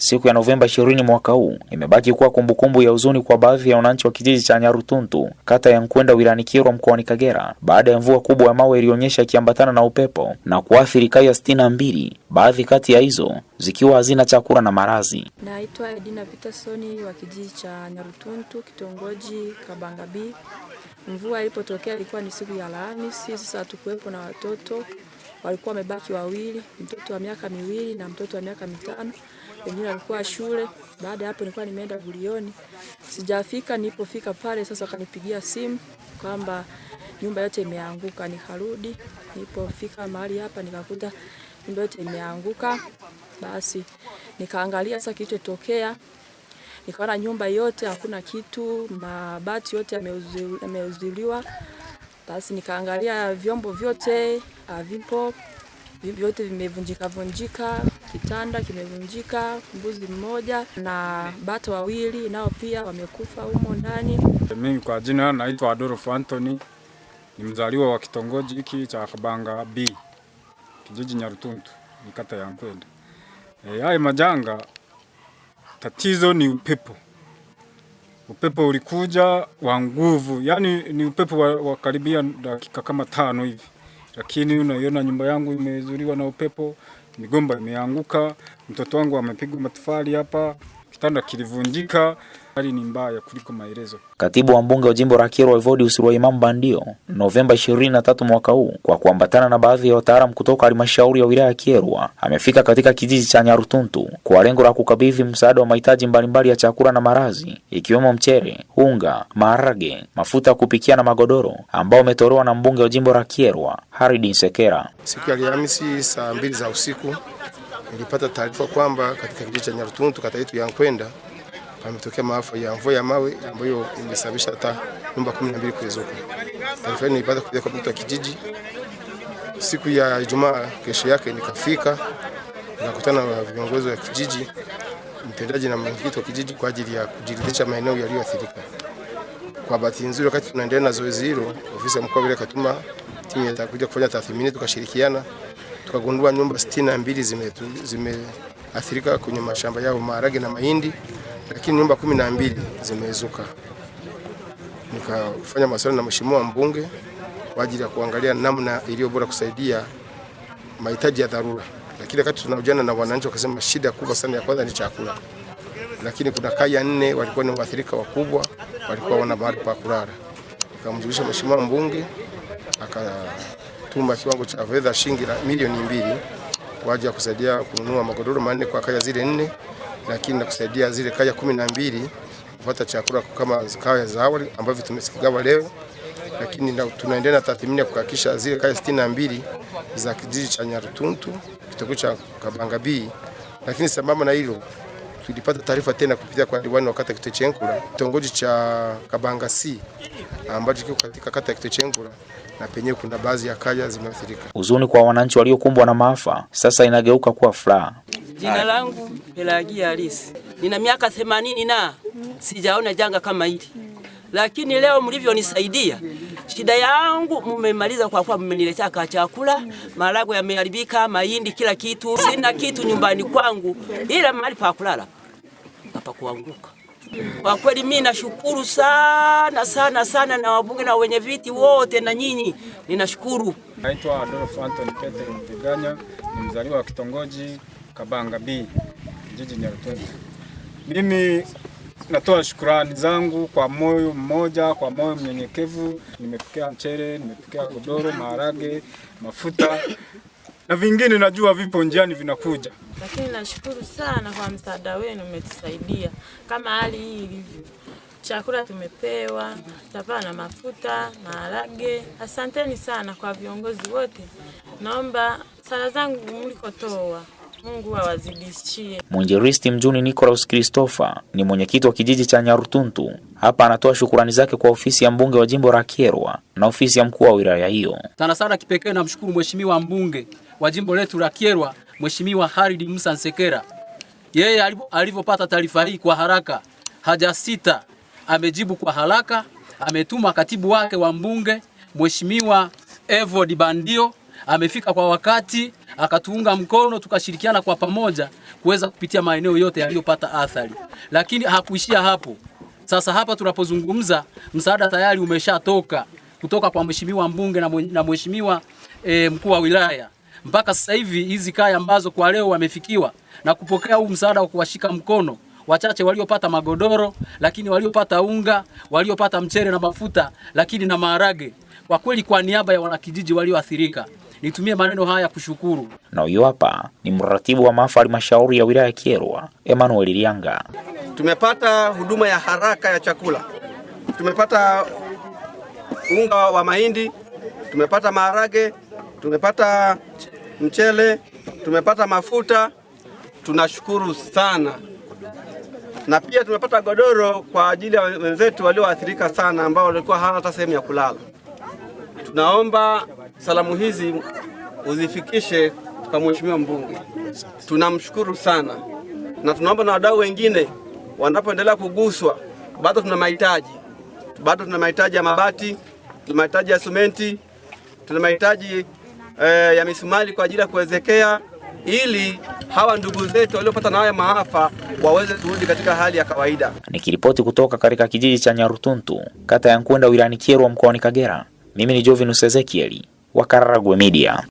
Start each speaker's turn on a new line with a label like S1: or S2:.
S1: Siku ya Novemba 20 mwaka huu imebaki kuwa kumbukumbu ya huzuni kwa baadhi ya wananchi wa kijiji cha Nyarutuntu kata ya Nkwenda wilayani Kilwa mkoani Kagera baada ya mvua kubwa ya mawe iliyonyesha ikiambatana na upepo na kuathiri kaya sitini mbili, baadhi kati ya hizo zikiwa hazina chakula na marazi.
S2: Naitwa Edina Petersoni wa kijiji cha Nyarutuntu kitongoji Kabanga B. Mvua ilipotokea ilikuwa ni siku ya Alhamisi, sisi hatukuwepo na watoto walikuwa wamebaki wawili, mtoto wa miaka miwili na mtoto wa miaka mitano wengine walikuwa shule. Baada ya hapo nilikuwa nimeenda gulioni, sijafika. Nilipofika pale sasa, wakanipigia simu kwamba nyumba yote imeanguka. Nikarudi, nilipofika mahali hapa nikakuta nyumba yote imeanguka. Basi nikaangalia sasa kilichotokea, nikaona nyumba yote hakuna kitu, mabati yote yameuziliwa. Basi nikaangalia vyombo vyote havipo vyote vimevunjika vunjika, kitanda kimevunjika, mbuzi mmoja na bato wawili nao pia wamekufa humo ndani.
S3: Mimi kwa jina naitwa Adolfo Anthony, ni mzaliwa wa kitongoji hiki cha Kabanga B, kijiji Nyarutuntu, ni kata ya Mpwenda. E, eh, haya majanga, tatizo ni upepo. Upepo ulikuja wa nguvu, yani ni upepo wa, wa karibia dakika kama tano hivi lakini unaiona nyumba yangu imezuliwa na upepo, migomba imeanguka, mtoto wangu amepigwa matofali hapa, kitanda kilivunjika hali ni mbaya kuliko maelezo.
S1: Katibu wa mbunge wa jimbo la Kyerwa Evodius Ruwaimamba Bandio Novemba 23 mwaka huu kwa kuambatana na baadhi ya wataalamu kutoka halmashauri ya wilaya ya Kyerwa amefika katika kijiji cha Nyarutuntu kwa lengo la kukabidhi msaada wa mahitaji mbalimbali ya chakula na marazi ikiwemo mchele, unga, maharage, mafuta ya kupikia na magodoro ambao umetolewa na mbunge wa jimbo la Kyerwa Haridi Sekera.
S4: Siku ya Alhamisi saa mbili za usiku nilipata taarifa kwamba katika kijiji cha Nyarutuntu kata yetu ya Nkwenda pametokea maafa ya mvua ya mawe ambayo imesababisha hata nyumba 12 kuezuka. Taarifa hii nilipata kutoka kwa mtu wa kijiji. Siku ya Ijumaa kesho yake nikafika nakutana na viongozi wa kijiji, mtendaji na mwenyekiti wa kijiji kwa ajili ya kujiridhisha maeneo yaliyoathirika. Kwa bahati nzuri, wakati tunaendelea na zoezi hilo, ofisi ya mkoa katuma timu ya kuja kufanya tathmini, tukashirikiana tukagundua nyumba sitini na mbili zimeathirika zime kwenye mashamba yao maharage na mahindi lakini nyumba kumi na mbili zimezuka. Nikafanya mawasiliano na mheshimiwa mbunge kwa ajili ya kuangalia namna iliyo bora kusaidia mahitaji ya dharura, lakini wakati tunaojana na wananchi wakasema shida kubwa sana ya kwanza ni chakula, lakini kuna kaya nne walikuwa ni waathirika wakubwa, walikuwa wana mahali pa kulala. Nikamjulisha mheshimiwa mbunge akatuma kiwango cha fedha shilingi milioni mbili kwa ajili ya kusaidia kununua magodoro manne kwa kaya zile nne lakini na kusaidia zile kaya kumi na mbili kupata chakula kama kaya za awali ambavyo tumesikigawa leo, lakini tunaendelea na tathmini ya kuhakikisha zile kaya sitini na mbili za kijiji cha Nyarutuntu kitongoji cha Kabanga B. Lakini sambamba na hilo tulipata taarifa tena kupitia kwa diwani wa kata Kitechenkura kitongoji cha Kabanga C ambacho kiko katika kata ya Kitechenkura na penyewe kuna baadhi ya kaya zimeathirika.
S1: Huzuni kwa wananchi waliokumbwa na maafa sasa inageuka kuwa furaha.
S5: Jina langu Pelagia Alice. nina miaka themanini na sijaona janga kama hili, lakini leo mlivyonisaidia shida yangu mmemaliza, kwa kuwa mmeniletea ka chakula, maharagwe yameharibika, mahindi, kila kitu. Sina kitu nyumbani kwangu ila mahali pa kulala na kuanguka. Kwa kweli mimi nashukuru sana sana sana, na wabunge na wenye viti wote na nyinyi ninashukuru.
S3: Naitwa Adolfo Anthony Peter Mtiganya, ni mzaliwa wa kitongoji Kabanga B jiji Nyarutoto. Mimi natoa shukurani zangu kwa moyo mmoja, kwa moyo mnyenyekevu. Nimepokea mchele, nimepokea godoro, maharage, mafuta na vingine najua vipo njiani vinakuja,
S2: lakini nashukuru sana kwa msaada wenu, umetusaidia kama hali hii ilivyo. Chakula tumepewa tapaa na mafuta, maharage. Asanteni sana kwa viongozi wote, naomba sala zangu mlikotoa Mungu awazidishie.
S1: Mwinjilisti mjuni Nicholas Christopher ni mwenyekiti wa kijiji cha Nyarutuntu. Hapa anatoa shukurani zake kwa ofisi ya mbunge wa jimbo la Kyerwa na ofisi ya mkuu wa wilaya hiyo.
S6: Sana sana kipekee namshukuru mheshimiwa mbunge wa jimbo letu la Kyerwa, Mheshimiwa harid Musa Nsekera. Yeye alivyopata taarifa hii kwa haraka, hajasita, amejibu kwa haraka, ametuma katibu wake wa mbunge Mheshimiwa Evod Bandio, amefika kwa wakati akatuunga mkono, tukashirikiana kwa pamoja kuweza kupitia maeneo yote yaliyopata athari, lakini hakuishia hapo. Sasa hapa tunapozungumza, msaada tayari umeshatoka kutoka kwa mheshimiwa mbunge na mheshimiwa e, mkuu wa wilaya mpaka sasa hivi hizi kaya ambazo kwa leo wamefikiwa na kupokea huu msaada wa kuwashika mkono wachache waliopata magodoro, lakini waliopata unga, waliopata mchele na mafuta, lakini na maharage, kwa kweli, kwa niaba ya wanakijiji walioathirika nitumie maneno haya kushukuru.
S1: Na huyu hapa ni mratibu wa maafa halmashauri ya wilaya ya Kyerwa, Emmanuel Lianga.
S7: Tumepata huduma ya haraka ya chakula, tumepata unga wa mahindi, tumepata maharage, tumepata mchele, tumepata mafuta. Tunashukuru sana na pia tumepata godoro kwa ajili ya wenzetu walioathirika sana ambao walikuwa hawana hata sehemu ya kulala. Tunaomba Salamu hizi uzifikishe kwa mheshimiwa mbunge. Tunamshukuru sana na tunaomba na wadau wengine wanapoendelea kuguswa, bado tuna mahitaji, bado tuna mahitaji ya mabati, tuna mahitaji ya simenti, tuna mahitaji eh, ya misumari kwa ajili ya kuwezekea, ili hawa ndugu zetu waliopata na haya maafa waweze kurudi katika hali ya kawaida.
S1: Nikiripoti kutoka katika kijiji cha Nyarutuntu, kata ya Nkwenda, wilayani Kyerwa, mkoani Kagera, mimi ni Jovinus Ezekieli wa Karagwe Media.